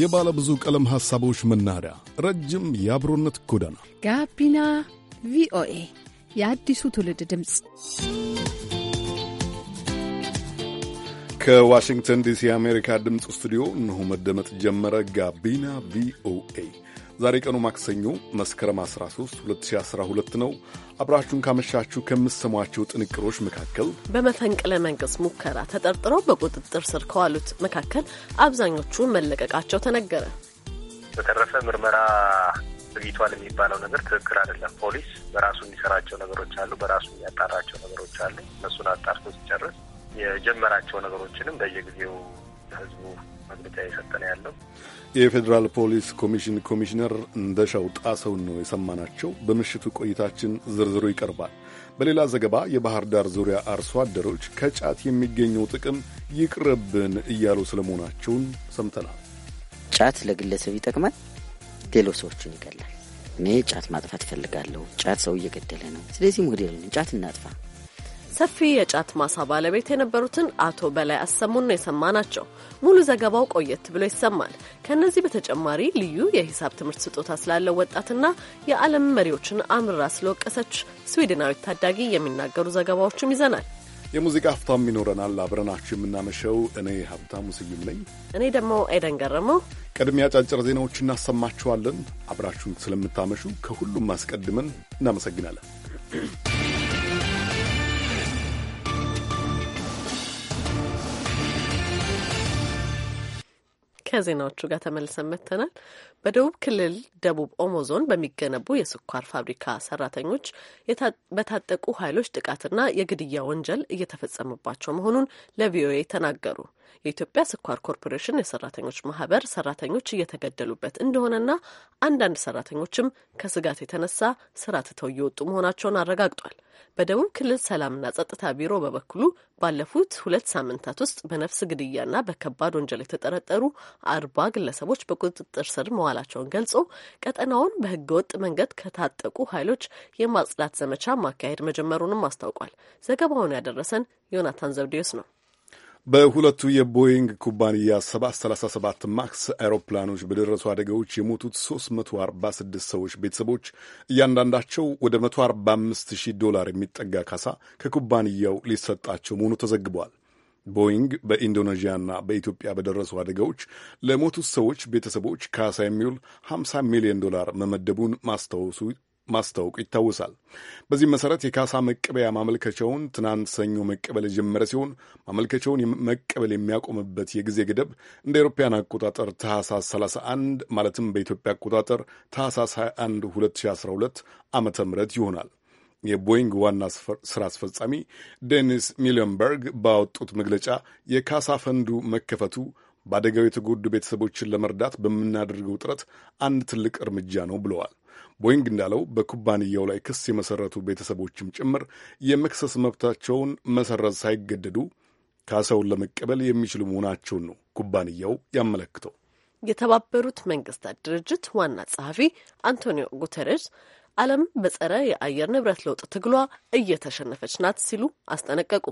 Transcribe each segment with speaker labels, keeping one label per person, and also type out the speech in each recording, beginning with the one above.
Speaker 1: የባለ ብዙ ቀለም ሐሳቦች መናኸሪያ፣ ረጅም የአብሮነት ጎዳና
Speaker 2: ጋቢና ቪኦኤ የአዲሱ ትውልድ ድምፅ
Speaker 1: ከዋሽንግተን ዲሲ የአሜሪካ ድምፅ ስቱዲዮ እነሆ መደመጥ ጀመረ። ጋቢና ቪኦኤ ዛሬ ቀኑ ማክሰኞ መስከረም 13 2012 ነው። አብራችሁን ካመሻችሁ ከምትሰሟቸው ጥንቅሮች መካከል
Speaker 3: በመፈንቅለ መንግስት ሙከራ ተጠርጥረው በቁጥጥር ስር ከዋሉት መካከል አብዛኞቹ መለቀቃቸው ተነገረ።
Speaker 4: በተረፈ ምርመራ ዘግይቷል የሚባለው ነገር ትክክል አይደለም። ፖሊስ በራሱ የሚሰራቸው ነገሮች አሉ፣ በራሱ የሚያጣራቸው ነገሮች አሉ። እነሱን አጣርቶ ሲጨርስ የጀመራቸው ነገሮችንም በየጊዜው ህዝቡ መግለጫ እየሰጠነ ያለው።
Speaker 1: የፌዴራል ፖሊስ ኮሚሽን ኮሚሽነር እንደሻው ጣሰውን ነው የሰማናቸው። በምሽቱ ቆይታችን ዝርዝሩ ይቀርባል። በሌላ ዘገባ የባህር ዳር ዙሪያ አርሶ አደሮች ከጫት የሚገኘው ጥቅም ይቅርብን እያሉ ስለመሆናቸውን ሰምተናል። ጫት ለግለሰብ ይጠቅማል፣ ሌሎች ሰዎችን ይገላል። እኔ ጫት ማጥፋት እፈልጋለሁ።
Speaker 5: ጫት ሰው እየገደለ ነው። ስለዚህ ሞዴል ጫት እናጥፋ
Speaker 3: ሰፊ የጫት ማሳ ባለቤት የነበሩትን አቶ በላይ አሰሙን የሰማ ናቸው። ሙሉ ዘገባው ቆየት ብሎ ይሰማል። ከእነዚህ በተጨማሪ ልዩ የሂሳብ ትምህርት ስጦታ ስላለው ወጣትና የዓለም መሪዎችን አምራ ስለወቀሰች ስዊድናዊት ታዳጊ የሚናገሩ ዘገባዎችም ይዘናል።
Speaker 1: የሙዚቃ ሀብታም ይኖረናል። አብረናችሁ የምናመሸው እኔ ሀብታሙ ስዩም ነኝ።
Speaker 3: እኔ ደግሞ ኤደን ገረመው።
Speaker 1: ቅድሚያ አጫጭር ዜናዎች እናሰማችኋለን። አብራችሁን ስለምታመሹ ከሁሉም አስቀድመን እናመሰግናለን።
Speaker 3: ከዜናዎቹ ጋር ተመልሰን መጥተናል። በደቡብ ክልል ደቡብ ኦሞ ዞን በሚገነቡ የስኳር ፋብሪካ ሰራተኞች በታጠቁ ኃይሎች ጥቃትና የግድያ ወንጀል እየተፈጸመባቸው መሆኑን ለቪኦኤ ተናገሩ። የኢትዮጵያ ስኳር ኮርፖሬሽን የሰራተኞች ማህበር ሰራተኞች እየተገደሉበት እንደሆነና አንዳንድ ሰራተኞችም ከስጋት የተነሳ ስራ ትተው እየወጡ መሆናቸውን አረጋግጧል። በደቡብ ክልል ሰላምና ጸጥታ ቢሮ በበኩሉ ባለፉት ሁለት ሳምንታት ውስጥ በነፍስ ግድያና በከባድ ወንጀል የተጠረጠሩ አርባ ግለሰቦች በቁጥጥር ስር መዋላቸውን ገልጾ ቀጠናውን በህገወጥ መንገድ ከታጠቁ ኃይሎች የማጽዳት ዘመቻ ማካሄድ መጀመሩንም አስታውቋል። ዘገባውን ያደረሰን ዮናታን ዘብዴዎስ ነው።
Speaker 1: በሁለቱ የቦይንግ ኩባንያ 737 ማክስ አውሮፕላኖች በደረሱ አደጋዎች የሞቱት 346 ሰዎች ቤተሰቦች እያንዳንዳቸው ወደ 145 ሺህ ዶላር የሚጠጋ ካሳ ከኩባንያው ሊሰጣቸው መሆኑ ተዘግቧል። ቦይንግ በኢንዶኔዥያና በኢትዮጵያ በደረሱ አደጋዎች ለሞቱት ሰዎች ቤተሰቦች ካሳ የሚውል 50 ሚሊዮን ዶላር መመደቡን ማስታወሱ ማስታወቁ ይታወሳል። በዚህም መሰረት የካሳ መቀበያ ማመልከቻውን ትናንት ሰኞ መቀበል የጀመረ ሲሆን ማመልከቻውን መቀበል የሚያቆምበት የጊዜ ገደብ እንደ አውሮፓውያን አቆጣጠር ታህሳስ 31 ማለትም በኢትዮጵያ አቆጣጠር ታህሳስ 21 2012 ዓ ም ይሆናል። የቦይንግ ዋና ስራ አስፈጻሚ ዴኒስ ሚሊዮንበርግ ባወጡት መግለጫ የካሳ ፈንዱ መከፈቱ በአደጋው የተጎዱ ቤተሰቦችን ለመርዳት በምናደርገው ጥረት አንድ ትልቅ እርምጃ ነው ብለዋል። ቦይንግ እንዳለው በኩባንያው ላይ ክስ የመሰረቱ ቤተሰቦችም ጭምር የመክሰስ መብታቸውን መሰረዝ ሳይገደዱ ካሳውን ለመቀበል የሚችሉ መሆናቸውን ነው ኩባንያው ያመለክተው።
Speaker 3: የተባበሩት መንግስታት ድርጅት ዋና ጸሐፊ አንቶኒዮ ጉተረስ ዓለም በጸረ የአየር ንብረት ለውጥ ትግሏ እየተሸነፈች ናት ሲሉ አስጠነቀቁ።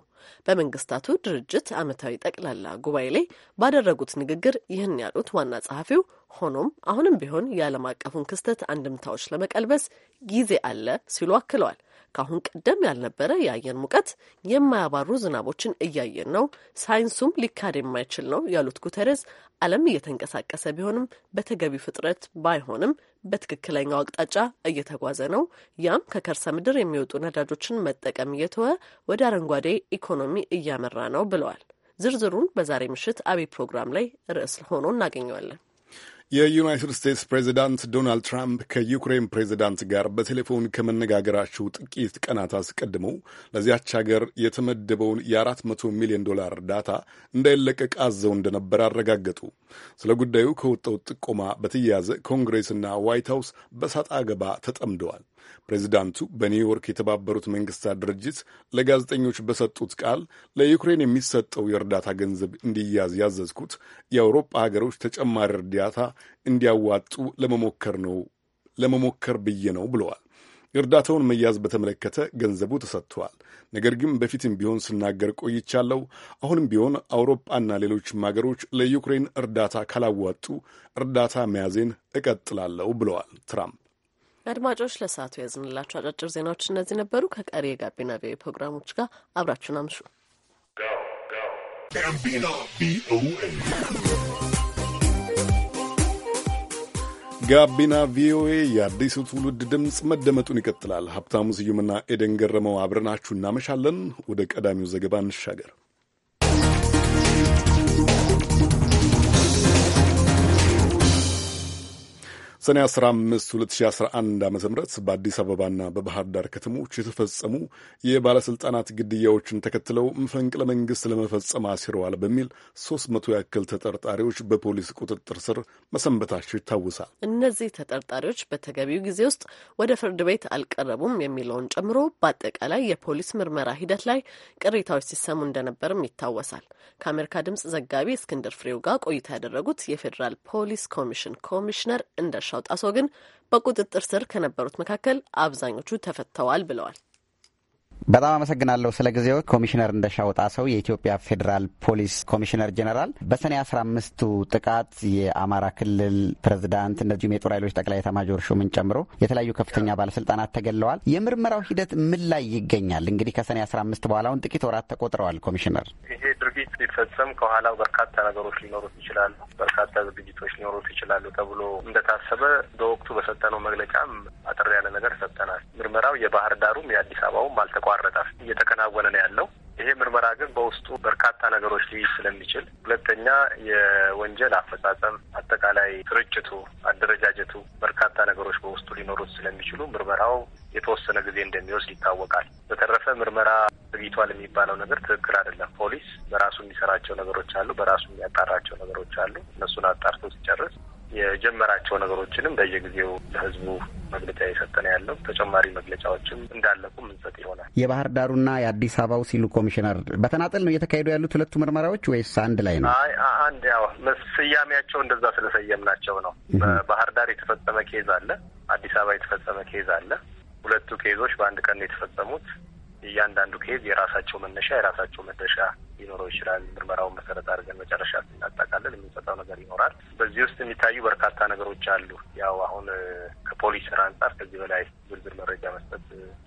Speaker 3: በመንግስታቱ ድርጅት ዓመታዊ ጠቅላላ ጉባኤ ላይ ባደረጉት ንግግር ይህን ያሉት ዋና ጸሐፊው፣ ሆኖም አሁንም ቢሆን የዓለም አቀፉን ክስተት አንድምታዎች ለመቀልበስ ጊዜ አለ ሲሉ አክለዋል። ከአሁን ቀደም ያልነበረ የአየር ሙቀት፣ የማያባሩ ዝናቦችን እያየን ነው፣ ሳይንሱም ሊካድ የማይችል ነው ያሉት ጉተሬዝ ዓለም እየተንቀሳቀሰ ቢሆንም በተገቢ ፍጥረት ባይሆንም በትክክለኛው አቅጣጫ እየተጓዘ ነው። ያም ከከርሰ ምድር የሚወጡ ነዳጆችን መጠቀም እየተወ ወደ አረንጓዴ ኢኮኖሚ እያመራ ነው ብለዋል። ዝርዝሩን በዛሬ ምሽት አብይ ፕሮግራም ላይ ርዕስ ሆኖ እናገኘዋለን።
Speaker 1: የዩናይትድ ስቴትስ ፕሬዚዳንት ዶናልድ ትራምፕ ከዩክሬን ፕሬዚዳንት ጋር በቴሌፎን ከመነጋገራቸው ጥቂት ቀናት አስቀድመው ለዚያች ሀገር የተመደበውን የ400 ሚሊዮን ዶላር እርዳታ እንዳይለቀቅ አዘው እንደነበር አረጋገጡ። ስለ ጉዳዩ ከወጣው ጥቆማ በተያያዘ ኮንግሬስና ዋይት ሀውስ በሳጣ ገባ ተጠምደዋል። ፕሬዚዳንቱ በኒውዮርክ የተባበሩት መንግስታት ድርጅት ለጋዜጠኞች በሰጡት ቃል ለዩክሬን የሚሰጠው የእርዳታ ገንዘብ እንዲያዝ ያዘዝኩት የአውሮፓ ሀገሮች ተጨማሪ እርዳታ እንዲያዋጡ ለመሞከር ነው ለመሞከር ብዬ ነው ብለዋል። እርዳታውን መያዝ በተመለከተ ገንዘቡ ተሰጥቷል። ነገር ግን በፊትም ቢሆን ስናገር ቆይቻለሁ። አሁንም ቢሆን አውሮፓና ሌሎችም ሀገሮች ለዩክሬን እርዳታ ካላዋጡ እርዳታ መያዜን እቀጥላለሁ ብለዋል ትራምፕ።
Speaker 3: አድማጮች ለሰዓቱ የያዝንላቸው አጫጭር ዜናዎች እነዚህ ነበሩ። ከቀሪ የጋቢና ቪኦኤ ፕሮግራሞች ጋር አብራችሁን አምሹ።
Speaker 1: ጋቢና ቪኦኤ የአዲሱ ትውልድ ድምፅ መደመጡን ይቀጥላል። ሀብታሙ ስዩምና ኤደን ገረመው አብረናችሁ እናመሻለን። ወደ ቀዳሚው ዘገባ እንሻገር። ሰኔ 15 2011 ዓ ም በአዲስ አበባና በባህር ዳር ከተሞች የተፈጸሙ የባለሥልጣናት ግድያዎችን ተከትለው መፈንቅለ መንግሥት ለመፈጸም አሲረዋል በሚል 300 ያክል ተጠርጣሪዎች በፖሊስ ቁጥጥር ስር መሰንበታቸው ይታወሳል።
Speaker 3: እነዚህ ተጠርጣሪዎች በተገቢው ጊዜ ውስጥ ወደ ፍርድ ቤት አልቀረቡም የሚለውን ጨምሮ በአጠቃላይ የፖሊስ ምርመራ ሂደት ላይ ቅሬታዎች ሲሰሙ እንደነበርም ይታወሳል። ከአሜሪካ ድምጽ ዘጋቢ እስክንድር ፍሬው ጋር ቆይታ ያደረጉት የፌዴራል ፖሊስ ኮሚሽን ኮሚሽነር እንደሻ ሰው ግን በቁጥጥር ስር ከነበሩት መካከል አብዛኞቹ ተፈተዋል ብለዋል።
Speaker 6: በጣም አመሰግናለሁ ስለ ጊዜው ኮሚሽነር እንደሻውጣ ሰው የኢትዮጵያ ፌዴራል ፖሊስ ኮሚሽነር ጀኔራል። በሰኔ አስራ አምስቱ ጥቃት የአማራ ክልል ፕሬዝዳንት እንደዚሁም የጦር ኃይሎች ጠቅላይ ኤታማዦር ሹምን ጨምሮ የተለያዩ ከፍተኛ ባለስልጣናት ተገለዋል። የምርመራው ሂደት ምን ላይ ይገኛል? እንግዲህ ከሰኔ አስራ አምስት በኋላውን ጥቂት ወራት ተቆጥረዋል። ኮሚሽነር፣
Speaker 4: ይሄ ድርጊት ሊፈጸም ከኋላው በርካታ ነገሮች ሊኖሩት ይችላሉ፣ በርካታ ዝግጅቶች ሊኖሩት ይችላሉ ተብሎ እንደታሰበ በወቅቱ በሰጠነው መግለጫም አጠር ያለ ነገር ሰጠናል። ምርመራው የባህር ዳሩም የአዲስ አበባውም አልተቋ ይቋረጣል። እየተከናወነ ነው ያለው። ይሄ ምርመራ ግን በውስጡ በርካታ ነገሮች ሊይዝ ስለሚችል፣ ሁለተኛ የወንጀል አፈጻጸም አጠቃላይ ስርጭቱ፣ አደረጃጀቱ በርካታ ነገሮች በውስጡ ሊኖሩት ስለሚችሉ ምርመራው የተወሰነ ጊዜ እንደሚወስድ ይታወቃል። በተረፈ ምርመራ ዘግይቷል የሚባለው ነገር ትክክል አይደለም። ፖሊስ በራሱ የሚሰራቸው ነገሮች አሉ፣ በራሱ የሚያጣራቸው ነገሮች አሉ። እነሱን አጣርቶ ሲጨርስ የጀመራቸው ነገሮችንም በየጊዜው ለህዝቡ መግለጫ የሰጠነ ያለው ተጨማሪ መግለጫዎችም እንዳለቁ ምንሰጥ ይሆናል።
Speaker 6: የባህር ዳሩና የአዲስ አበባው ሲሉ ኮሚሽነር በተናጠል ነው እየተካሄዱ ያሉት ሁለቱ ምርመራዎች ወይስ አንድ ላይ ነው?
Speaker 4: አይ አንድ ያው ስያሜያቸው እንደዛ ስለሰየምናቸው ነው። በባህር ዳር የተፈጸመ ኬዝ አለ፣ አዲስ አበባ የተፈጸመ ኬዝ አለ። ሁለቱ ኬዞች በአንድ ቀን የተፈጸሙት እያንዳንዱ ኬዝ የራሳቸው መነሻ የራሳቸው መድረሻ ሊኖረው ይችላል። ምርመራውን መሰረት አድርገን መጨረሻ ስናጠቃልል የምንሰጠው ነገር ይኖራል። በዚህ ውስጥ የሚታዩ በርካታ ነገሮች አሉ። ያው አሁን ከፖሊስ ስራ አንጻር ከዚህ በላይ ዝርዝር መረጃ መስጠት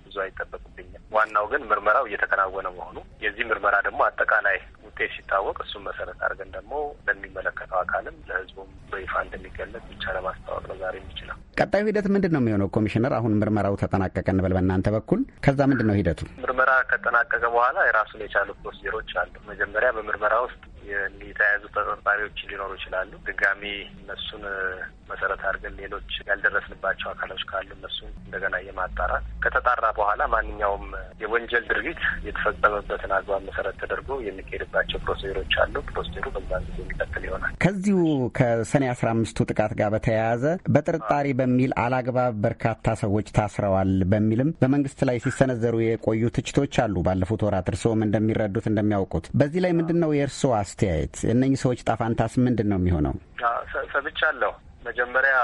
Speaker 4: ብዙ አይጠበቅብኝም። ዋናው ግን ምርመራው እየተከናወነ መሆኑ የዚህ ምርመራ ደግሞ አጠቃላይ ውጤት ሲታወቅ እሱን መሰረት አድርገን ደግሞ ለሚመለከተው አካልም ለህዝቡም በይፋ እንደሚገለጽ ብቻ ለማስታወቅ ነው ዛሬ የሚችለው።
Speaker 6: ቀጣዩ ሂደት ምንድን ነው የሚሆነው? ኮሚሽነር፣ አሁን ምርመራው ተጠናቀቀ እንበል በእናንተ በኩል ከዛ ምንድን ነው ሂደቱ?
Speaker 4: ምርመራ ከጠናቀቀ በኋላ የራሱን የቻሉ ፕሮሲጀሮች አሉ። መጀመሪያ በምርመራ ውስጥ የተያያዙ ተጠርጣሪዎች ሊኖሩ ይችላሉ። ድጋሚ እነሱን መሰረት አድርገን ሌሎች ያልደረስንባቸው አካሎች ካሉ እነሱን እንደገና የማጣራት ከተጣራ በኋላ ማንኛውም የወንጀል ድርጊት የተፈጸመበትን አግባብ መሰረት ተደርጎ የሚካሄድባቸው ፕሮሲጀሮች አሉ። ፕሮሲጀሩ በዛን ጊዜ የሚቀጥል ይሆናል።
Speaker 6: ከዚሁ ከሰኔ አስራ አምስቱ ጥቃት ጋር በተያያዘ በጥርጣሬ በሚል አላግባብ በርካታ ሰዎች ታስረዋል በሚልም በመንግስት ላይ ሲሰነዘሩ የቆዩ ትችቶች አሉ። ባለፉት ወራት እርስዎም እንደሚረዱት እንደሚያውቁት በዚህ ላይ ምንድን ነው የእርስዎ አስተያየት እነኚህ ሰዎች ጣፋንታስ ምንድን ነው የሚሆነው?
Speaker 5: ሰምቻለሁ።
Speaker 4: መጀመሪያ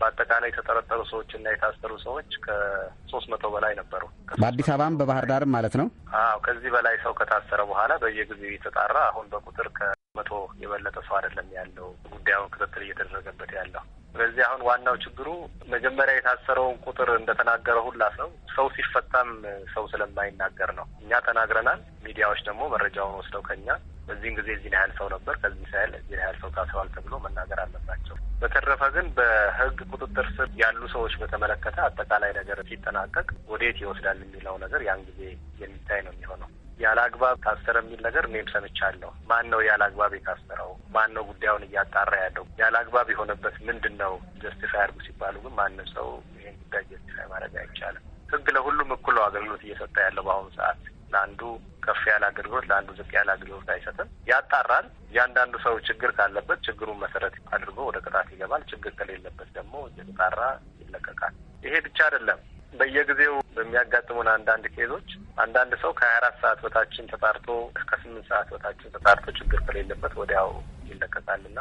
Speaker 4: በአጠቃላይ የተጠረጠሩ ሰዎች እና የታሰሩ ሰዎች ከሶስት መቶ በላይ ነበሩ።
Speaker 6: በአዲስ አበባም በባህር ዳርም ማለት ነው።
Speaker 4: አዎ ከዚህ በላይ ሰው ከታሰረ በኋላ በየጊዜው የተጣራ አሁን በቁጥር ከመቶ የበለጠ ሰው አይደለም ያለው ጉዳዩን ክትትል እየተደረገበት ያለው። ስለዚህ አሁን ዋናው ችግሩ መጀመሪያ የታሰረውን ቁጥር እንደተናገረ ሁላ ሰው ሰው ሲፈታም ሰው ስለማይናገር ነው። እኛ ተናግረናል። ሚዲያዎች ደግሞ መረጃውን ወስደው ከኛ በዚህን ጊዜ እዚህን ያህል ሰው ነበር፣ ከዚህ ሳይል እዚህን ያህል ሰው ታስሯል ተብሎ መናገር አለባቸው። በተረፈ ግን በህግ ቁጥጥር ስር ያሉ ሰዎች በተመለከተ አጠቃላይ ነገር ሲጠናቀቅ ወዴት ይወስዳል የሚለው ነገር ያን ጊዜ የሚታይ ነው የሚሆነው። ያለ አግባብ ታሰረ የሚል ነገር እኔም ሰምቻለሁ። ማን ነው ያለ አግባብ የታሰረው? ማን ነው ጉዳዩን እያጣራ ያለው? ያለ አግባብ የሆነበት ምንድን ነው? ጀስቲፋይ አድርጉ ሲባሉ ግን ማንም ሰው ይህን ጉዳይ ጀስቲፋይ ማድረግ አይቻልም። ህግ ለሁሉም እኩል አገልግሎት እየሰጠ ያለው በአሁኑ ሰዓት ለአንዱ ከፍ ያለ አገልግሎት ለአንዱ ዝቅ ያለ አገልግሎት አይሰጥም። ያጣራል። እያንዳንዱ ሰው ችግር ካለበት ችግሩን መሰረት አድርጎ ወደ ቅጣት ይገባል። ችግር ከሌለበት ደግሞ የተጣራ ይለቀቃል። ይሄ ብቻ አይደለም። በየጊዜው በሚያጋጥሙን አንዳንድ ኬዞች አንዳንድ ሰው ከሀያ አራት ሰዓት በታችን ተጣርቶ እስከ ስምንት ሰዓት በታችን ተጣርቶ ችግር ከሌለበት ወዲያው ይለቀቃልና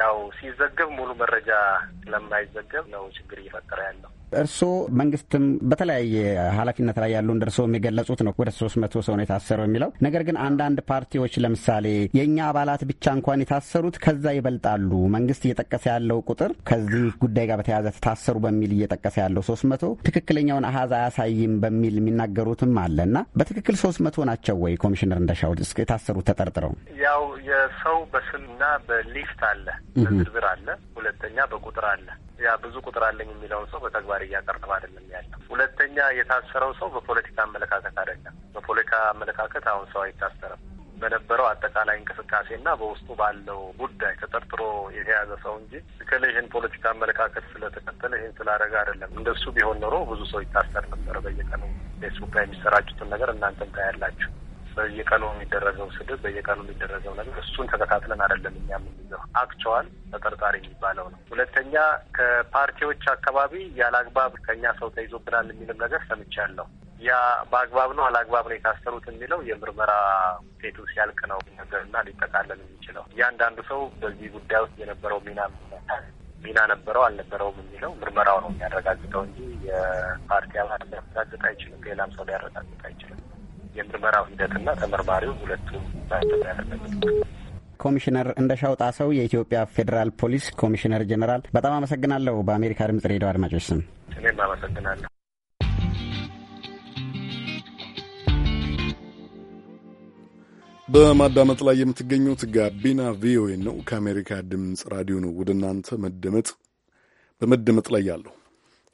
Speaker 4: ያው ሲዘገብ ሙሉ መረጃ ስለማይዘገብ ነው ችግር እየፈጠረ ያለው።
Speaker 6: እርስዎ መንግስትም በተለያየ ኃላፊነት ላይ ያሉ እንደ እርስዎም የገለጹት ነው ወደ ሶስት መቶ ሰው ነው የታሰረው የሚለው ነገር ግን አንዳንድ ፓርቲዎች ለምሳሌ የእኛ አባላት ብቻ እንኳን የታሰሩት ከዛ ይበልጣሉ። መንግስት እየጠቀሰ ያለው ቁጥር ከዚህ ጉዳይ ጋር በተያያዘ ተታሰሩ በሚል እየጠቀሰ ያለው ሶስት መቶ ትክክለኛውን አሀዝ አያሳይም በሚል የሚናገሩትም አለ እና በትክክል ሶስት መቶ ናቸው ወይ ኮሚሽነር እንደሻው የታሰሩት ተጠርጥረው?
Speaker 4: ያው የሰው በስምና በሊስት አለ፣ በዝርዝር አለ፣ ሁለተኛ በቁጥር አለ። ያ ብዙ ቁጥር አለኝ የሚለውን ሰው በተግባር ተግባር እያቀረበ አይደለም ያለው። ሁለተኛ የታሰረው ሰው በፖለቲካ አመለካከት አይደለም። በፖለቲካ አመለካከት አሁን ሰው አይታሰርም። በነበረው አጠቃላይ እንቅስቃሴና በውስጡ ባለው ጉዳይ ተጠርጥሮ የተያዘ ሰው እንጂ እከሌ ይህን ፖለቲካ አመለካከት ስለተከተለ ይህን ስላደረገ አይደለም። እንደሱ ቢሆን ኖሮ ብዙ ሰው ይታሰር ነበረ። በየቀኑ ፌስቡክ ላይ የሚሰራጩትን ነገር እናንተም ታያላችሁ። በየቀኑ የሚደረገው ስድብ፣ በየቀኑ የሚደረገው ነገር እሱን ተከታትለን አይደለም እኛ የምንይዘው አክቸዋል ተጠርጣሪ የሚባለው ነው። ሁለተኛ ከፓርቲዎች አካባቢ ያለ አግባብ ከእኛ ሰው ተይዞብናል የሚልም ነገር ሰምቻለሁ። ያ በአግባብ ነው አላግባብ ነው የታሰሩት የሚለው የምርመራ ውጤቱ ሲያልቅ ነው ነገርና ሊጠቃለን የሚችለው እያንዳንዱ ሰው በዚህ ጉዳይ ውስጥ የነበረው ሚና ሚና ነበረው አልነበረውም የሚለው ምርመራው ነው የሚያረጋግጠው እንጂ የፓርቲ አባል ሊያረጋግጥ አይችልም። ሌላም ሰው ሊያረጋግጥ አይችልም። የምርመራው ሂደትና ተመርማሪው ሁለቱም ማስተዳደር ያለበት
Speaker 6: ኮሚሽነር እንደሻው ጣሰው የኢትዮጵያ ፌዴራል ፖሊስ ኮሚሽነር ጀኔራል፣ በጣም አመሰግናለሁ። በአሜሪካ ድምጽ ሬዲዮ አድማጮች ስም
Speaker 4: እኔም አመሰግናለሁ።
Speaker 1: በማዳመጥ ላይ የምትገኙት ጋቢና ቪኦኤ ነው። ከአሜሪካ ድምፅ ራዲዮ ነው ወደ እናንተ መደመጥ በመደመጥ ላይ ያለው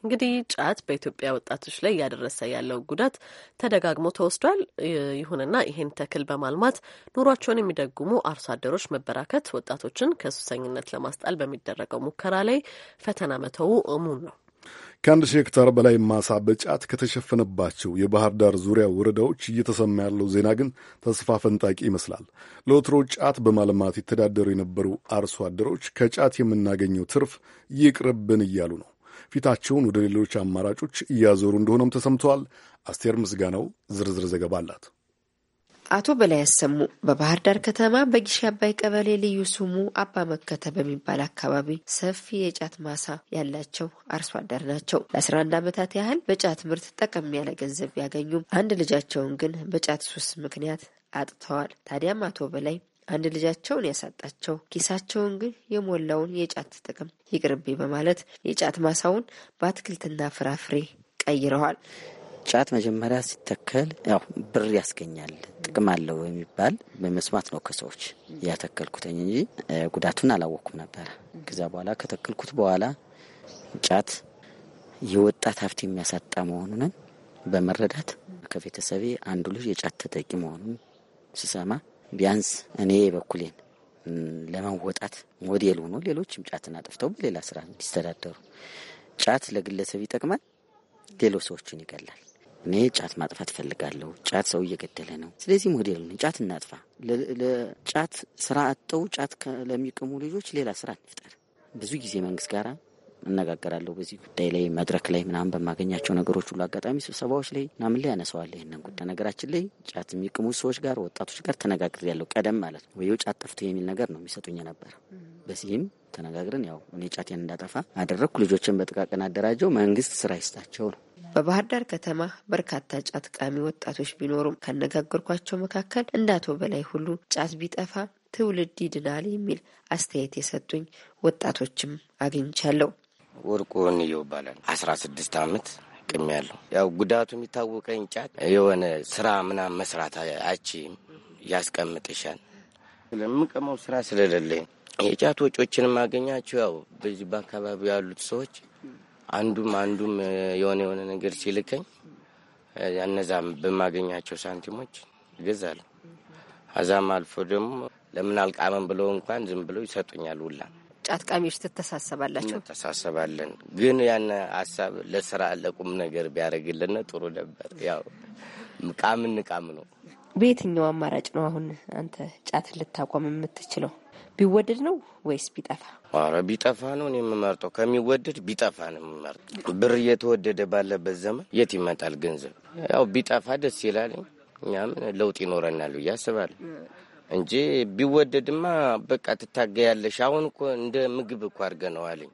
Speaker 3: እንግዲህ ጫት በኢትዮጵያ ወጣቶች ላይ እያደረሰ ያለው ጉዳት ተደጋግሞ ተወስዷል። ይሁንና ይሄን ተክል በማልማት ኑሯቸውን የሚደጉሙ አርሶ አደሮች መበራከት ወጣቶችን ከሱሰኝነት ለማስጣል በሚደረገው ሙከራ ላይ ፈተና መተው እሙን ነው።
Speaker 1: ከአንድ ሺህ ሄክታር በላይ ማሳ በጫት ከተሸፈነባቸው የባህር ዳር ዙሪያ ወረዳዎች እየተሰማ ያለው ዜና ግን ተስፋ ፈንጣቂ ይመስላል። ለወትሮ ጫት በማልማት ይተዳደሩ የነበሩ አርሶ አደሮች ከጫት የምናገኘው ትርፍ ይቅርብን እያሉ ነው። ፊታቸውን ወደ ሌሎች አማራጮች እያዞሩ እንደሆነም ተሰምተዋል። አስቴር ምስጋናው ዝርዝር ዘገባ አላት።
Speaker 2: አቶ በላይ ያሰሙ በባህር ዳር ከተማ በጊሽ አባይ ቀበሌ ልዩ ስሙ አባ መከተ በሚባል አካባቢ ሰፊ የጫት ማሳ ያላቸው አርሶ አደር ናቸው። ለ11 ዓመታት ያህል በጫት ምርት ጠቀም ያለ ገንዘብ ቢያገኙም አንድ ልጃቸውን ግን በጫት ሱስ ምክንያት አጥተዋል። ታዲያም አቶ በላይ አንድ ልጃቸውን ያሳጣቸው ኪሳቸውን ግን የሞላውን የጫት ጥቅም ይቅርብኝ በማለት የጫት ማሳውን በአትክልትና ፍራፍሬ
Speaker 5: ቀይረዋል። ጫት መጀመሪያ ሲተከል ያው ብር ያስገኛል ጥቅም አለው የሚባል በመስማት ነው ከሰዎች ያተከልኩትኝ እንጂ ጉዳቱን አላወቅኩም ነበረ። ከዛ በኋላ ከተከልኩት በኋላ ጫት የወጣት ሀብት የሚያሳጣ መሆኑንን በመረዳት ከቤተሰቤ አንዱ ልጅ የጫት ተጠቂ መሆኑን ስሰማ ቢያንስ እኔ የበኩሌን ለመወጣት ሞዴል ሆኖ ሌሎችም ጫትን አጥፍተው በሌላ ስራ እንዲስተዳደሩ። ጫት ለግለሰብ ይጠቅማል፣ ሌሎች ሰዎችን ይገላል። እኔ ጫት ማጥፋት እፈልጋለሁ። ጫት ሰው እየገደለ ነው። ስለዚህ ሞዴል ሆነ ጫት እናጥፋ። ለጫት ስራ አጠው ጫት ለሚቅሙ ልጆች ሌላ ስራ እንፍጠር። ብዙ ጊዜ መንግስት ጋራ እነጋገራለሁ በዚህ ጉዳይ ላይ መድረክ ላይ ምናምን በማገኛቸው ነገሮች ሁሉ አጋጣሚ ስብሰባዎች ላይ ምናምን ላይ ያነሰዋል ይህንን ጉዳይ። ነገራችን ላይ ጫት የሚቅሙ ሰዎች ጋር ወጣቶች ጋር ተነጋግር ያለው ቀደም ማለት ነው ወይ ጫት ጠፍቶ የሚል ነገር ነው የሚሰጡኝ ነበር። በዚህም ተነጋግረን ያው እኔ ጫቴን እንዳጠፋ አደረግኩ። ልጆችን በጥቃቅን አደራጀው መንግስት ስራ ይስጣቸው ነው። በባህር ዳር ከተማ
Speaker 2: በርካታ ጫት ቃሚ ወጣቶች ቢኖሩም ካነጋገርኳቸው መካከል እንደ አቶ በላይ ሁሉ ጫት ቢጠፋ ትውልድ ይድናል የሚል አስተያየት የሰጡኝ ወጣቶችም
Speaker 7: አግኝቻለሁ። ወርቁ ወንየው ይባላል። አስራ ስድስት አመት ቅሚ ያለው ያው ጉዳቱ የሚታወቀኝ ጫት የሆነ ስራ ምናምን መስራት አችም ያስቀምጥሻል። ስለምቀመው ስራ ስለሌለኝ የጫት ወጮችን ማገኛቸው ያው በዚህ በአካባቢው ያሉት ሰዎች አንዱም አንዱም የሆነ የሆነ ነገር ሲልከኝ እነዛም በማገኛቸው ሳንቲሞች እገዛለሁ። አዛም አልፎ ደግሞ ለምን አልቃመን ብለው እንኳን ዝም ብለው ይሰጡኛል ውላ
Speaker 2: ጫት አጥቃሚዎች ትተሳሰባላቸው?
Speaker 7: እንተሳሰባለን። ግን ያን ሀሳብ ለስራ ለቁም ነገር ቢያደርግልን ጥሩ ነበር። ያው ቃምን ቃም ነው።
Speaker 2: በየትኛው አማራጭ ነው አሁን አንተ ጫት ልታቆም የምትችለው? ቢወደድ ነው ወይስ ቢጠፋ?
Speaker 7: ኧረ ቢጠፋ ነው የምመርጠው። ከሚወደድ ቢጠፋ ነው የምመርጠው። ብር እየተወደደ ባለበት ዘመን የት ይመጣል ገንዘብ? ያው ቢጠፋ ደስ ይላል። እኛም ለውጥ ይኖረናል ብዬ አስባለሁ። እንጂ ቢወደድማ በቃ ትታገያለሽ። አሁን እኮ እንደ ምግብ እኮ አለኝ።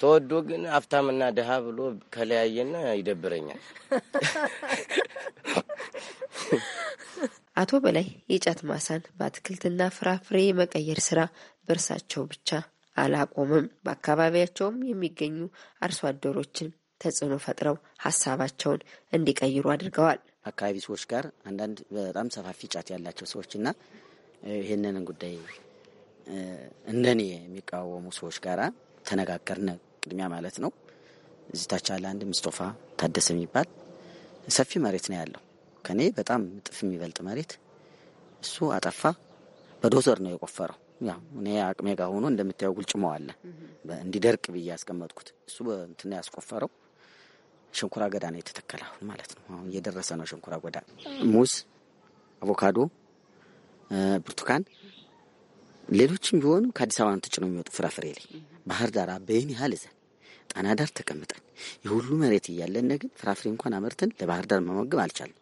Speaker 7: ተወዶ ግን ሀብታምና ድሀ ብሎ ከለያየና ይደብረኛል።
Speaker 2: አቶ በላይ የጫት ማሳን በአትክልትና ፍራፍሬ የመቀየር ስራ በእርሳቸው ብቻ አላቆምም። በአካባቢያቸውም የሚገኙ አርሶ አደሮችን ተጽዕኖ ፈጥረው ሀሳባቸውን
Speaker 5: እንዲቀይሩ አድርገዋል። አካባቢ ሰዎች ጋር አንዳንድ በጣም ሰፋፊ ጫት ያላቸው ሰዎችና ይህንን ጉዳይ እንደኔ የሚቃወሙ ሰዎች ጋር ተነጋገርነ። ቅድሚያ ማለት ነው እዚህ ታች አለ አንድ ምስጦፋ ታደሰ የሚባል ሰፊ መሬት ነው ያለው ከኔ በጣም ጥፍ የሚበልጥ መሬት እሱ አጠፋ። በዶዘር ነው የቆፈረው። ያው እኔ አቅሜ ጋር ሆኖ እንደምታየው ጉልጭማው አለ እንዲደርቅ ብዬ ያስቀመጥኩት እሱ እንትን ያስቆፈረው ሸንኮራ አገዳ ነው የተተከለ አሁን ማለት ነው። አሁን እየደረሰ ነው ሸንኮራ አገዳ፣ ሙዝ፣ አቮካዶ ብርቱካን፣ ሌሎችም ቢሆኑ ከአዲስ አበባ ነው የሚወጡ ፍራፍሬ ላይ ባህር ዳር አበይን ያህል ይዘን ጣና ዳር ተቀምጠን የሁሉ መሬት እያለን ግን ፍራፍሬ እንኳን አመርተን ለባህር ዳር መመገብ አልቻለም።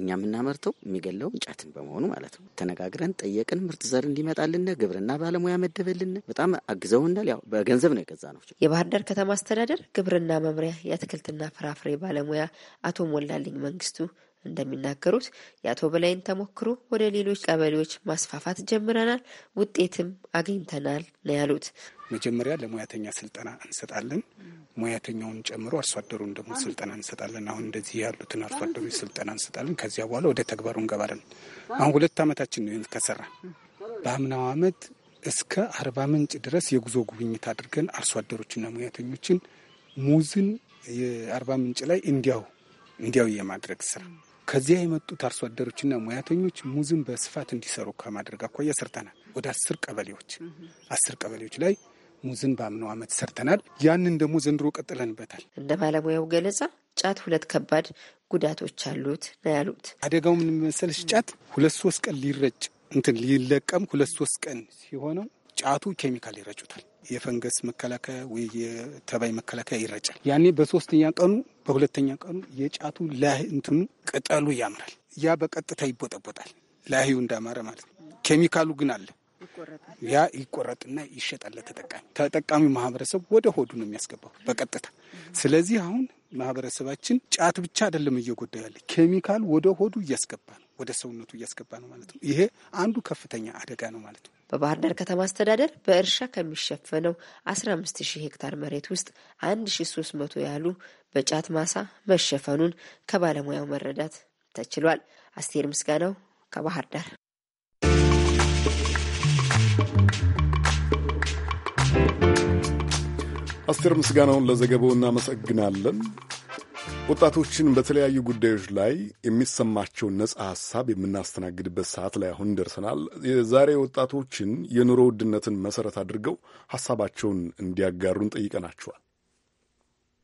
Speaker 5: እኛ የምናመርተው የሚገለው እንጨትን በመሆኑ ማለት ነው። ተነጋግረን ጠየቅን። ምርጥ ዘር እንዲመጣልን ግብርና ባለሙያ መደበልን። በጣም አግዘውናል። ያው በገንዘብ ነው የገዛ ነው።
Speaker 2: የባህር ዳር ከተማ አስተዳደር ግብርና መምሪያ የአትክልትና ፍራፍሬ ባለሙያ አቶ ሞላልኝ መንግስቱ እንደሚናገሩት የአቶ በላይን ተሞክሮ ወደ ሌሎች ቀበሌዎች ማስፋፋት ጀምረናል፣ ውጤትም አግኝተናል
Speaker 8: ነው ያሉት። መጀመሪያ ለሙያተኛ ስልጠና እንሰጣለን። ሙያተኛውን ጨምሮ አርሶ ደግሞ ስልጠና እንሰጣለን። አሁን እንደዚህ ያሉትን አርሶ ስልጠና እንሰጣለን። ከዚያ በኋላ ወደ ተግባሩ እንገባለን። አሁን ሁለት ዓመታችን ነው ይህን ከሰራ በአምናው ዓመት እስከ አርባ ምንጭ ድረስ የጉዞ ጉብኝት አድርገን አርሶ ሙያተኞችን ሙዝን የአርባ ምንጭ ላይ እንዲያው እንዲያው የማድረግ ስራ ከዚያ የመጡት አርሶ አደሮችና ሙያተኞች ሙዝን በስፋት እንዲሰሩ ከማድረግ አኳያ ሰርተናል። ወደ አስር ቀበሌዎች አስር ቀበሌዎች ላይ ሙዝን በአምነው ዓመት ሰርተናል። ያንን ደግሞ ዘንድሮ ቀጥለንበታል። እንደ ባለሙያው ገለጻ ጫት ሁለት ከባድ ጉዳቶች አሉት ነው ያሉት። አደጋው ምን መሰለሽ? ጫት ሁለት ሶስት ቀን ሊረጭ እንትን ሊለቀም ሁለት ሶስት ቀን ሲሆነው ጫቱ ኬሚካል ይረጩታል። የፈንገስ መከላከያ ወይ የተባይ መከላከያ ይረጫል። ያኔ በሶስተኛ ቀኑ በሁለተኛ ቀኑ የጫቱ ላይ እንትኑ ቅጠሉ ያምራል። ያ በቀጥታ ይቦጠቦጣል ላህዩ እንዳማረ ማለት ነው። ኬሚካሉ ግን አለ ያ ይቆረጥና ይሸጣል ለተጠቃሚ። ተጠቃሚው ማህበረሰብ ወደ ሆዱ ነው የሚያስገባው በቀጥታ። ስለዚህ አሁን ማህበረሰባችን ጫት ብቻ አይደለም እየጎዳ ያለ ኬሚካል ወደ ሆዱ እያስገባ ነው፣ ወደ ሰውነቱ እያስገባ ነው ማለት ነው። ይሄ አንዱ
Speaker 2: ከፍተኛ አደጋ ነው ማለት ነው። በባህር ዳር ከተማ አስተዳደር በእርሻ ከሚሸፈነው 15000 ሄክታር መሬት ውስጥ 1300 ያሉ በጫት ማሳ መሸፈኑን ከባለሙያው መረዳት ተችሏል። አስቴር ምስጋናው ከባህር ዳር።
Speaker 1: አስቴር ምስጋናውን ለዘገባው እናመሰግናለን። ወጣቶችን በተለያዩ ጉዳዮች ላይ የሚሰማቸውን ነጻ ሀሳብ የምናስተናግድበት ሰዓት ላይ አሁን ደርሰናል። የዛሬ ወጣቶችን የኑሮ ውድነትን መሰረት አድርገው ሀሳባቸውን እንዲያጋሩን ጠይቀናቸዋል።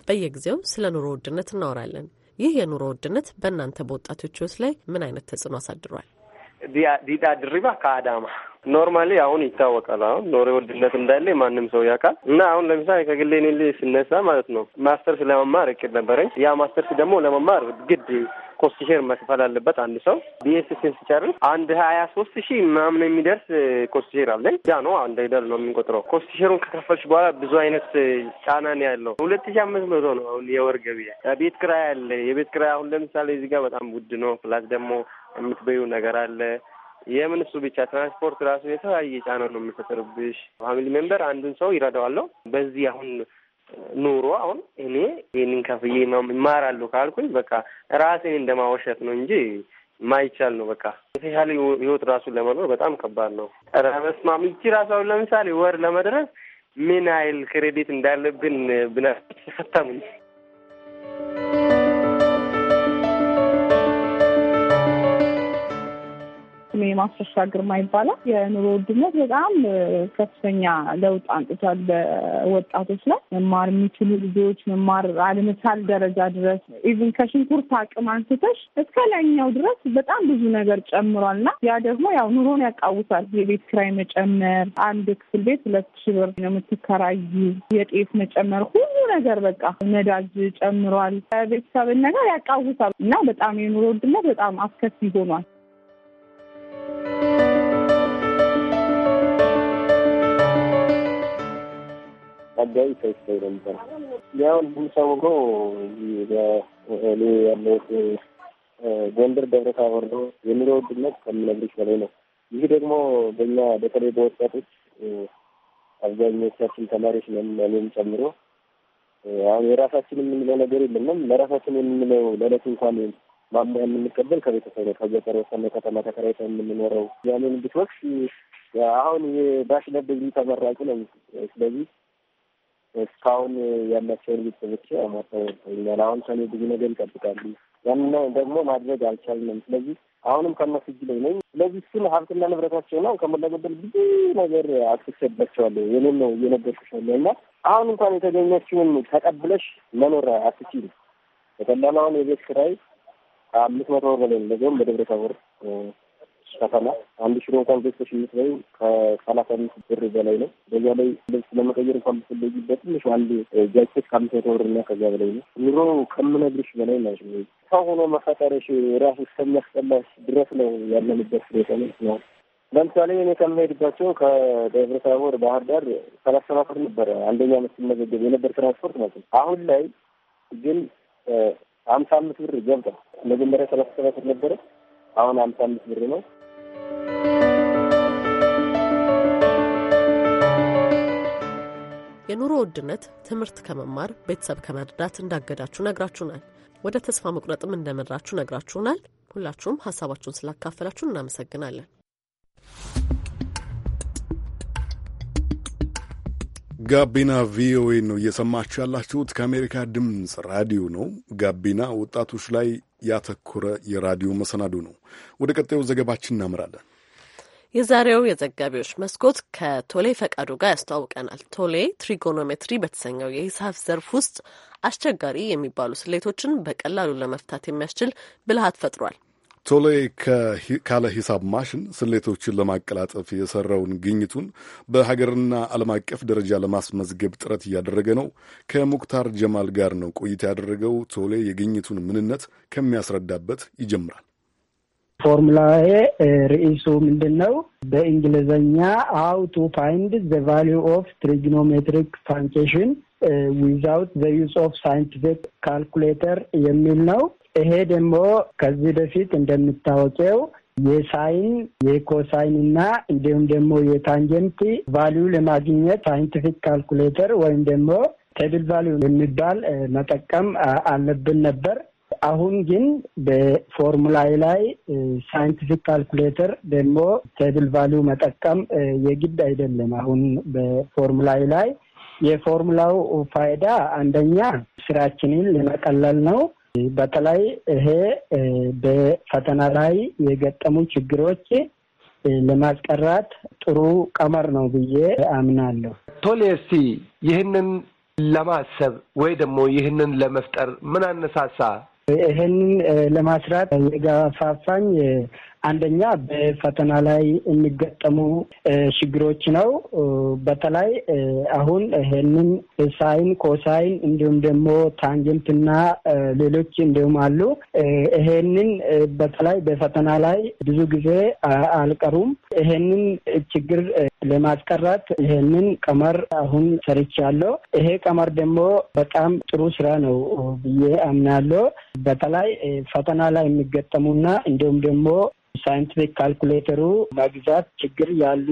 Speaker 3: በየጊዜው ስለ ኑሮ ውድነት እናወራለን። ይህ የኑሮ ውድነት በእናንተ በወጣቶች ህይወት ላይ ምን አይነት ተጽዕኖ አሳድሯል?
Speaker 1: ዲዳ ድሪባ
Speaker 9: ከአዳማ ኖርማሊ አሁን ይታወቃል። አሁን ኖሬ ወድነት እንዳለ ማንም ሰው ያውቃል። እና አሁን ለምሳሌ ከግሌ እኔ ስነሳ ማለት ነው ማስተርስ ለመማር እቅድ ነበረኝ። ያ ማስተርስ ደግሞ ለመማር ግድ ኮስት ሼር መክፈል አለበት። አንድ ሰው ቢኤስሲን ሲጨርስ አንድ ሀያ ሶስት ሺህ ምናምን የሚደርስ ኮስት ሼር አለኝ። ያ ነው አንድ አይደል ነው የምንቆጥረው። ኮስት ሼሩን ከከፈልሽ በኋላ ብዙ አይነት ጫና ነው ያለው። ሁለት ሺህ አምስት መቶ ነው አሁን የወር ገቢ። ቤት ክራይ አለ። የቤት ክራይ አሁን ለምሳሌ እዚህ ጋር በጣም ውድ ነው። ፕላስ ደግሞ የምትበዩ ነገር አለ የምን እሱ ብቻ ትራንስፖርት ራሱ የተለያየ ጫና ነው የሚፈጠርብሽ። ፋሚሊ ሜምበር አንዱን ሰው ይረዳዋለሁ። በዚህ አሁን ኑሮ አሁን እኔ ይህንን ከፍዬ ይማራሉ ካልኩኝ በቃ ራሴን እንደማወሸት ነው እንጂ ማይቻል ነው። በቃ የተሻለ ህይወት ራሱን ለመኖር በጣም ከባድ ነው። ኧረ እቺ ራሱ አሁን ለምሳሌ ወር ለመድረስ ምን ያህል ክሬዲት እንዳለብን ብና ፈታምን
Speaker 10: ስሜ ማስረሻ ግርማ ይባላል። የኑሮ ውድነት በጣም ከፍተኛ ለውጥ አንጥቷል በወጣቶች ላይ መማር የሚችሉ ልጆች መማር አለመቻል ደረጃ ድረስ ኢቭን ከሽንኩርት አቅም አንስተሽ እስከ ላይኛው ድረስ በጣም ብዙ ነገር ጨምሯል እና ያ ደግሞ ያው ኑሮን ያቃውሳል። የቤት ኪራይ መጨመር፣ አንድ ክፍል ቤት ሁለት ሺህ ብር ነው የምትከራይ፣ የጤፍ መጨመር፣ ሁሉ ነገር በቃ ነዳጅ ጨምሯል። ቤተሰብን ነገር ያቃውሳል እና በጣም የኑሮ ውድነት በጣም አስከፊ ሆኗል።
Speaker 11: አጋቢ ሳይታይ ነበር። ያው ሰው እኮ እኔ ያለሁት ጎንደር ደብረ ታቦር ነው። የኑሮ ውድነት ከምነግርሽ በላይ ነው። ይህ ደግሞ በእኛ በተለይ በወጣቶች አብዛኞቻችን ተማሪዎች ነን፣ እኔም ጨምሮ አሁን የራሳችን የምንለው ነገር የለንም። ለራሳችን የምንለው ለዕለት እንኳን ማማ የምንቀበል ከቤተሰብ ነው። ከገጠር ወሰነ ከተማ ተከራይተን የምንኖረው ያንን ብትወቅሽ አሁን የባሽለር ዲግሪ ተመራቂ ነው። ስለዚህ እስካሁን ያላቸውን ቤተሰቦች አሟርተውኛል። አሁን ከኔ ብዙ ነገር ይጠብቃሉ። ያንን ደግሞ ማድረግ አልቻልንም። ስለዚህ አሁንም ከነሱ እጅ ላይ ነኝ። ስለዚህ እሱን ሀብትና ንብረታቸው ነው ከሞላ ጎደል ብዙ ነገር አስቸባቸዋለሁ። የኔም ነው እየነገርኩሽ ያለ እና አሁን እንኳን የተገኘችውን ተቀብለሽ መኖር አትችል። በቀላሉ አሁን የቤት ኪራይ ከአምስት መቶ ወር በላይ እንደዚሁም በደብረ ታቦር ከተማ አንድ ሽሮ እንኳን ዘጠኝ ስምንት ከሰላሳ አምስት ብር በላይ ነው። በዚያ ላይ ልብስ ለመቀየር እንኳን ብትለይ በትንሹ አንድ ጃኬት ከአምስት መቶ ብር እና ከዚያ በላይ ነው። ኑሮ ከምነግርሽ በላይ ማለት ነው። ሰው ሆኖ መፈጠረሽ ራሱ እስከሚያስጠላሽ ድረስ ነው ያለንበት ሁኔታነት ነው። ለምሳሌ እኔ ከምሄድባቸው ከደብረ ታቦር ባህር ዳር ሰላሳ ሰባት ብር ነበረ አንደኛ ዓመት ሲመዘገብ የነበር ትራንስፖርት ማለት ነው። አሁን ላይ ግን ሀምሳ አምስት ብር ገብቷል። መጀመሪያ ሰላሳ ሰባት ብር ነበረ፣ አሁን ሀምሳ አምስት ብር ነው።
Speaker 3: የኑሮ ውድነት ትምህርት ከመማር ቤተሰብ ከመርዳት እንዳገዳችሁ ነግራችሁናል። ወደ ተስፋ መቁረጥም እንደመራችሁ ነግራችሁናል። ሁላችሁም ሀሳባችሁን ስላካፈላችሁ እናመሰግናለን።
Speaker 1: ጋቢና ቪኦኤ ነው እየሰማችሁ ያላችሁት። ከአሜሪካ ድምፅ ራዲዮ ነው። ጋቢና ወጣቶች ላይ ያተኮረ የራዲዮ መሰናዶ ነው። ወደ ቀጣዩ ዘገባችን እናምራለን።
Speaker 3: የዛሬው የዘጋቢዎች መስኮት ከቶሌ ፈቃዱ ጋር ያስተዋውቀናል። ቶሌ ትሪጎኖሜትሪ በተሰኘው የሂሳብ ዘርፍ ውስጥ አስቸጋሪ የሚባሉ ስሌቶችን በቀላሉ ለመፍታት የሚያስችል ብልሃት ፈጥሯል።
Speaker 1: ቶሌ ካለ ሂሳብ ማሽን ስሌቶችን ለማቀላጠፍ የሰራውን ግኝቱን በሀገርና ዓለም አቀፍ ደረጃ ለማስመዝገብ ጥረት እያደረገ ነው። ከሙክታር ጀማል ጋር ነው ቆይታ ያደረገው። ቶሌ የግኝቱን ምንነት ከሚያስረዳበት ይጀምራል።
Speaker 10: ፎርሙላዬ ርዕሱ ምንድን ነው? በእንግሊዘኛ ሀው ቱ ፋይንድ ዘ ቫሊዩ ኦፍ ትሪግኖሜትሪክ ፋንክሽን ዊዛውት ዘ ዩዝ ኦፍ ሳይንቲፊክ ካልኩሌተር የሚል ነው። ይሄ ደግሞ ከዚህ በፊት እንደሚታወቀው የሳይን የኮሳይን እና እንዲሁም ደግሞ የታንጀንት ቫሊዩ ለማግኘት ሳይንቲፊክ ካልኩሌተር ወይም ደግሞ ቴብል ቫሊዩ የሚባል መጠቀም አለብን ነበር። አሁን ግን በፎርሙላይ ላይ ሳይንቲፊክ ካልኩሌተር ደግሞ ቴብል ቫሊዩ መጠቀም የግድ አይደለም። አሁን በፎርሙላይ ላይ የፎርሙላው ፋይዳ አንደኛ ስራችንን ለመቀለል ነው። በተለይ ይሄ በፈተና ላይ የገጠሙ ችግሮች ለማስቀራት ጥሩ ቀመር ነው ብዬ አምናለሁ።
Speaker 12: ቶሌሲ ይህንን ለማሰብ ወይ ደግሞ ይህንን ለመፍጠር ምን አነሳሳ?
Speaker 10: ይህንን ለማስራት የገፋፋኝ አንደኛ በፈተና ላይ የሚገጠሙ ችግሮች ነው። በተለይ አሁን ይህንን ሳይን፣ ኮሳይን እንዲሁም ደግሞ ታንጀንትና ሌሎች እንዲሁም አሉ። ይሄንን በተለይ በፈተና ላይ ብዙ ጊዜ አልቀሩም። ይሄንን ችግር ለማስቀራት ይህንን ቀመር አሁን ሰርቻለሁ። ይሄ ቀመር ደግሞ በጣም ጥሩ ስራ ነው ብዬ አምናለሁ። በተለይ ፈተና ላይ የሚገጠሙና እንዲሁም ደግሞ ሳይንቲፊክ ካልኩሌተሩ መግዛት ችግር ያሉ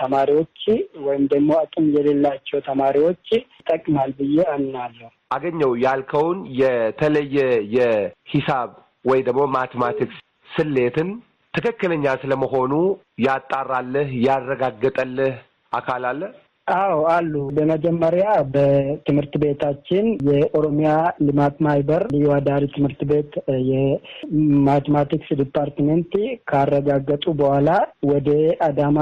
Speaker 10: ተማሪዎች ወይም ደግሞ አቅም የሌላቸው ተማሪዎች ይጠቅማል ብዬ አምናለሁ።
Speaker 12: አገኘው ያልከውን የተለየ የሂሳብ ወይ ደግሞ ማትማቲክስ ስሌትን ትክክለኛ ስለመሆኑ ያጣራልህ ያረጋገጠልህ አካል አለ?
Speaker 10: አዎ አሉ። በመጀመሪያ በትምህርት ቤታችን የኦሮሚያ ልማት ማህበር ልዩ ትምህርት ቤት የማትማቲክስ ዲፓርትመንት ካረጋገጡ በኋላ ወደ አዳማ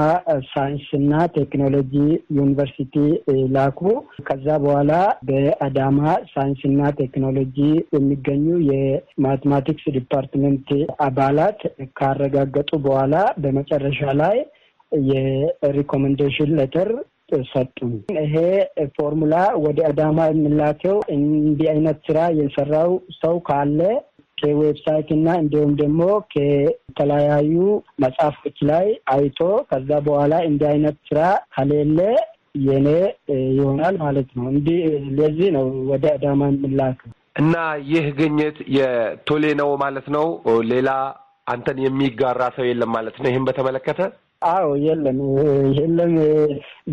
Speaker 10: ሳይንስ እና ቴክኖሎጂ ዩኒቨርሲቲ ላኩ። ከዛ በኋላ በአዳማ ሳይንስ እና ቴክኖሎጂ የሚገኙ የማትማቲክስ ዲፓርትመንት አባላት ካረጋገጡ በኋላ በመጨረሻ ላይ የሪኮሜንዴሽን ሌተር ሰጡን። ይሄ ፎርሙላ ወደ አዳማ የምላከው እንዲህ አይነት ስራ የሰራው ሰው ካለ ከዌብሳይት እና እንዲሁም ደግሞ ከተለያዩ መጽሐፎች ላይ አይቶ ከዛ በኋላ እንዲህ አይነት ስራ ከሌለ የኔ ይሆናል ማለት ነው። እንዲህ ለዚህ ነው ወደ አዳማ የምንላከው።
Speaker 12: እና ይህ ግኝት የቶሌ ነው ማለት ነው። ሌላ አንተን የሚጋራ ሰው የለም ማለት ነው። ይህም በተመለከተ
Speaker 10: አዎ የለም የለም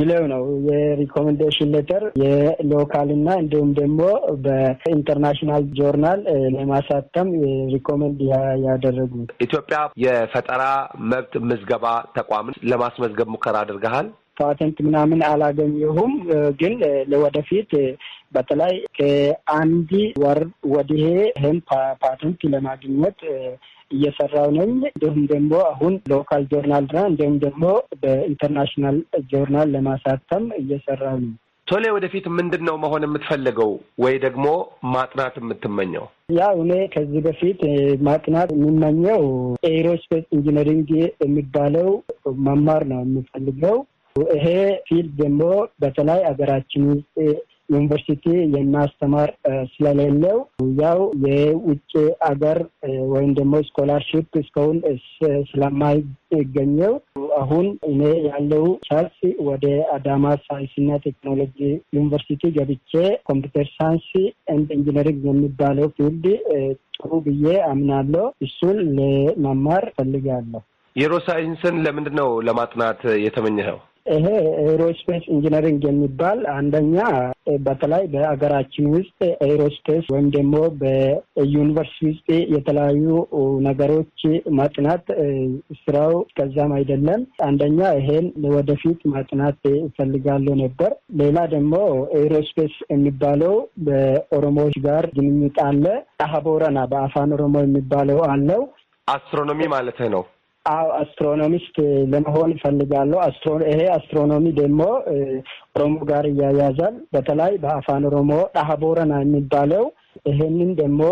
Speaker 10: ብለው ነው የሪኮሜንዴሽን ሌተር የሎካልና እንዲሁም ደግሞ በኢንተርናሽናል ጆርናል ለማሳተም ሪኮመንድ ያደረጉ።
Speaker 12: ኢትዮጵያ የፈጠራ መብት ምዝገባ ተቋምን ለማስመዝገብ ሙከራ አድርገሃል?
Speaker 10: ፓተንት ምናምን አላገኘሁም፣ ግን ለወደፊት በተለይ ከአንድ ወር ወዲሄ ህን ፓቴንት ለማግኘት እየሰራው ነኝ። እንዲሁም ደግሞ አሁን ሎካል ጆርናልና እንዲሁም ደግሞ በኢንተርናሽናል ጆርናል ለማሳተም እየሰራው ነኝ።
Speaker 12: ቶሌ ወደፊት ምንድን ነው መሆን የምትፈልገው ወይ ደግሞ ማጥናት የምትመኘው?
Speaker 10: ያ እኔ ከዚህ በፊት ማጥናት የምመኘው ኤሮስፔስ ኢንጂነሪንግ የሚባለው መማር ነው የምፈልገው። ይሄ ፊልድ ደግሞ በተለይ ሀገራችን ውስጥ ዩኒቨርሲቲ የማስተማር ስለሌለው ያው የውጭ አገር ወይም ደግሞ ስኮላርሽፕ እስካሁን ስለማይገኘው አሁን እኔ ያለው ቻንስ ወደ አዳማ ሳይንስና ቴክኖሎጂ ዩኒቨርሲቲ ገብቼ ኮምፒውተር ሳይንስ ኤንድ ኢንጂነሪንግ የሚባለው ፊልድ ጥሩ ብዬ አምናለሁ። እሱን ለመማር ፈልጋለሁ።
Speaker 12: ኒውሮ ሳይንስን ለምንድን ነው ለማጥናት የተመኘኸው?
Speaker 10: ይሄ ኤሮስፔስ ኢንጂነሪንግ የሚባል አንደኛ በተለይ በሀገራችን ውስጥ ኤሮስፔስ ወይም ደግሞ በዩኒቨርሲቲ ውስጥ የተለያዩ ነገሮች ማጥናት ስራው ከዛም አይደለም። አንደኛ ይሄን ወደፊት ማጥናት እፈልጋለሁ ነበር። ሌላ ደግሞ ኤሮስፔስ የሚባለው በኦሮሞዎች ጋር ግንኙነት አለ። አሀቦረና በአፋን ኦሮሞ የሚባለው
Speaker 12: አለው። አስትሮኖሚ ማለት ነው።
Speaker 10: አዎ አስትሮኖሚስት ለመሆን እፈልጋለሁ። አስትሮ ይሄ አስትሮኖሚ ደግሞ ኦሮሞ ጋር እያያዛል። በተለይ በአፋን ኦሮሞ ዳሀቦረና የሚባለው ይሄንን ደግሞ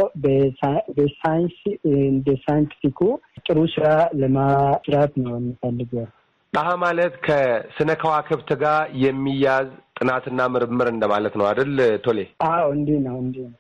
Speaker 10: በሳይንስ እንደ ሳይንቲፊኩ ጥሩ ስራ ለማስራት ነው የሚፈልገው።
Speaker 12: ጣሀ ማለት ከስነ ከዋክብት ጋር የሚያዝ ጥናትና ምርምር እንደማለት ነው አይደል ቶሌ?
Speaker 10: አዎ እንዲህ ነው እንዲህ ነው።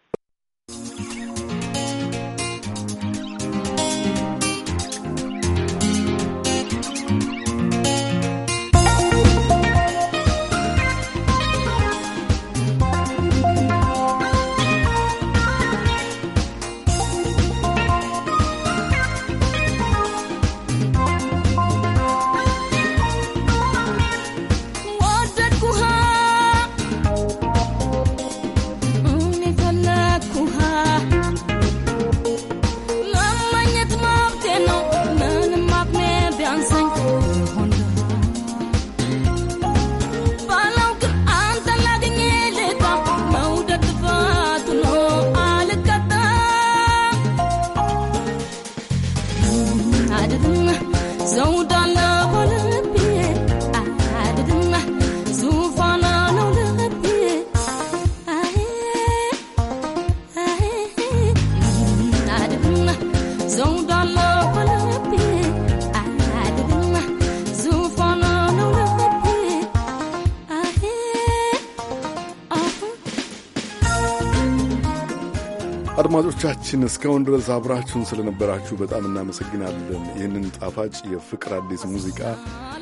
Speaker 1: አድማጮቻችን እስካሁን ድረስ አብራችሁን ስለነበራችሁ በጣም እናመሰግናለን። ይህንን ጣፋጭ የፍቅር አዲስ ሙዚቃ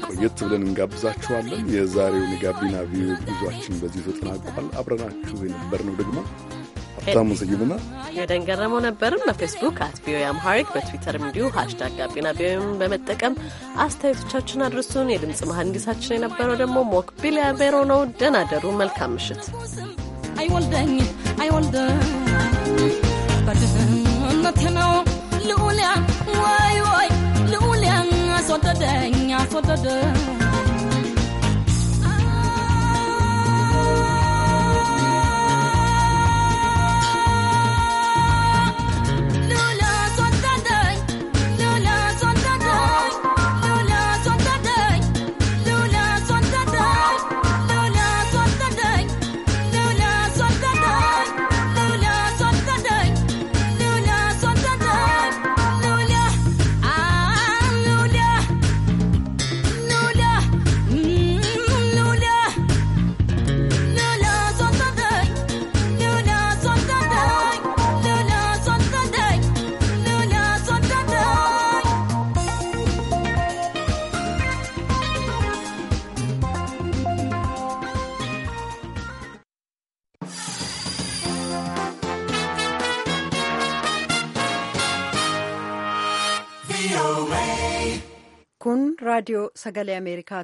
Speaker 1: ቆየት ብለን እንጋብዛችኋለን። የዛሬውን የጋቢና ቪዮ ጉዟችን በዚህ ተጠናቋል። አብረናችሁ ነው ደግሞ ሀብታሙ ስዩምና
Speaker 3: ኤደን ገረመው ነበርም። በፌስቡክ አት ቪኦኤ አምሃሪክ በትዊተርም እንዲሁ ሀሽታግ ጋቢና ቪኦኤም በመጠቀም አስተያየቶቻችን አድርሱን። የድምፅ መሀንዲሳችን የነበረው ደግሞ ሞክ ቢሊያ ቤሮ ነው። ደናደሩ መልካም ምሽት። አይወልደኝ አይወልደኝ በድህነት ነው
Speaker 1: ልዑልያን ወይ ወይ
Speaker 3: ልዑልያን አስወደደኝ አስወደደኝ
Speaker 2: रेडियो सगले अमेरिका